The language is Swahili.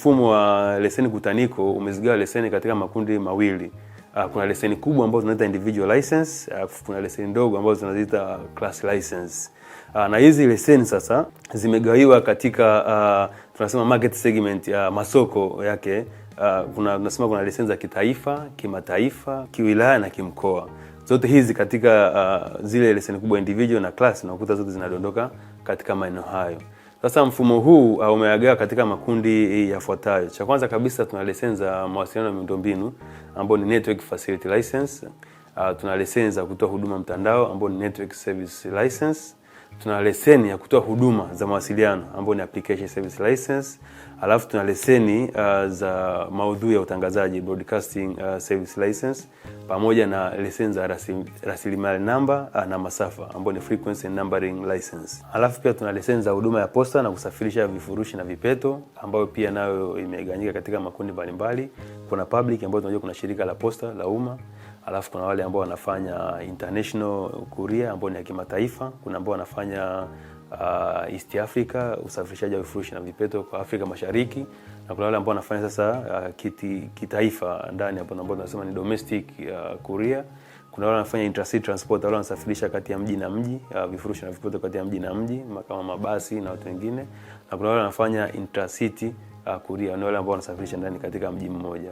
mfumo wa leseni kutaniko umezigawa leseni katika makundi mawili. uh, Kuna leseni kubwa ambazo zinaita individual license, uh, kuna leseni ndogo ambazo tunaziita ah, class license. uh, Na hizi leseni sasa zimegawiwa katika uh, tunasema market segment uh, masoko yake. Uh, kuna tunasema kuna leseni za kitaifa, kimataifa, kiwilaya na kimkoa. Zote hizi katika uh, zile leseni kubwa individual na class, na ukuta zote zinadondoka katika maeneo hayo. Sasa mfumo huu uh, umeagawa katika makundi e, yafuatayo. Cha kwanza kabisa tuna leseni za mawasiliano ya miundombinu ambayo ni network facility license. Uh, tuna leseni za kutoa huduma mtandao ambao ni network service license. Tuna leseni ya kutoa huduma za mawasiliano ambao ni application service license. Alafu tuna leseni uh, za maudhui ya utangazaji broadcasting uh, service license pamoja na leseni za rasilimali namba ah, na masafa ambayo ni frequency numbering license. Alafu pia tuna leseni za huduma ya posta na kusafirisha vifurushi na vipeto ambayo pia nayo imeganyika katika makundi mbalimbali. Kuna public ambayo tunajua kuna shirika la posta la umma, alafu kuna wale ambao wanafanya international courier ambao ni ya kimataifa, kuna ambao wanafanya uh, East Africa, usafirishaji wa vifurushi na vipeto kwa Afrika Mashariki, na kuna wale ambao wanafanya sasa uh, kiti, kitaifa ndani hapo ambao tunasema ni domestic uh, courier. Kuna wale wanafanya intercity transport, wale wanasafirisha kati ya mji na mji uh, vifurushi na vipeto kati ya mji na mji kama mabasi na watu wengine, na kuna wale wanafanya intracity uh, courier, ni wale ambao wanasafirisha ndani katika mji mmoja.